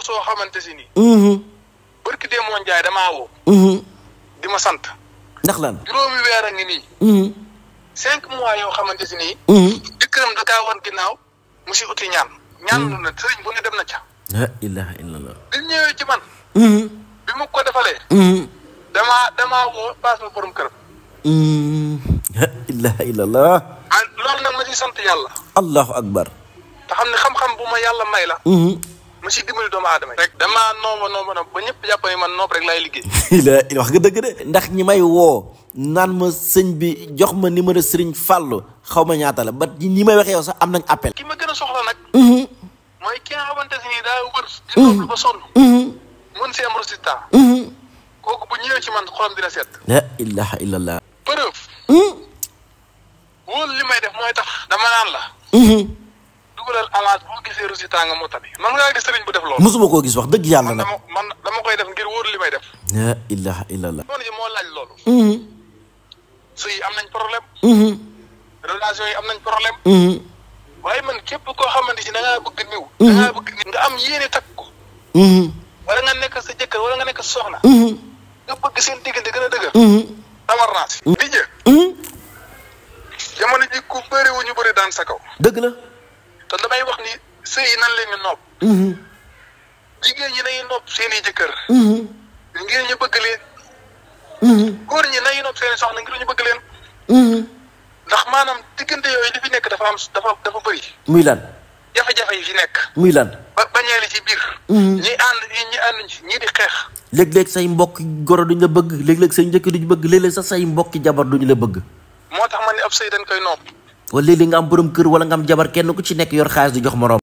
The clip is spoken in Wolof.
ndaw soo xamante si nii. Mhm. barki dee njaay damaa woo. Mhm. di ma sant. ndax lan juróomi weer a ngi nii. Mhm. cinq mois yoo xamante si nii. jëkkëram da kaa wan ginnaaw mu si uti ñaan. ñaan na sëriñ bu ne dem na ca. la ilaha illallah. bi ñëwee man. bi mu ko defalee. damaa damaa woo paas ma borom këram. la ilaha illallah. ah loolu nag ma si sant yàlla. allahu akbar. te xam xam-xam bu ma yàlla may la. bu si dimbali doomu aadama rek damaa nomba nomba nomba ba ñëpp jàpp man nopp rek laay liggéey la wax nga dëgg de ndax ñi may woo naan ma sëñ bi jox ma numéro sëriñ Fallou xaw ma ñaata la ba ñi may waxee sax am nañ appel ki ma gën a soxla nag mhm. mooy ki nga xamante ni daa wër di nopp mhm. ba sonn mhm. la ilaha illallah preuve mooy tax dama naan la avance boo gisee résultat nga moo tabi man ngaa gis sëriñ bu def loolu mosuma koo gis wax dëgg yàlla nag man dama koy def ngir wóor li may def la ilaha illallah noonu yi moo laaj loolu mm-hmm. sëy yi am nañ problème mm-hmm. relation yi am nañ problème mm-hmm. waaye man képp koo xamante si da ngaa bëgg am yéene ko wala nga nekk sa jëkkër wala nga nekk sa soxna nga bëgg seen diggante gën jamono ji ku bëri wu ñu daan sa dëgg la te damay wax ni sëy yi nañ leen di nopp. Mhm. jigéen ñi nay nopp seen i jëkkër. Mhm. ngir ñu bëgg leen. Mhm. góor ñi nay nopp seen i soxna ngir ñu bëgg leen. ndax maanaam diggante yooyu li fi nekk dafa am dafa dafa bëri. muy lan. jafe-jafe yi fi nekk. muy lan. ba bañeeli ci biir. ñi ànd ñi ànduñ ci di xeex. léeg-léeg say mbokk goro duñ la bëgg léeg-léeg say njëkk duñ bëgg léeg-léeg sax say mbokk jabar duñ la bëgg. moo tax ma ne ab sëy dañ koy nopp. wala léeg-léeg nga borom kër wala nga am jabar kenn ku ci nekk yor xaalis di jox moroom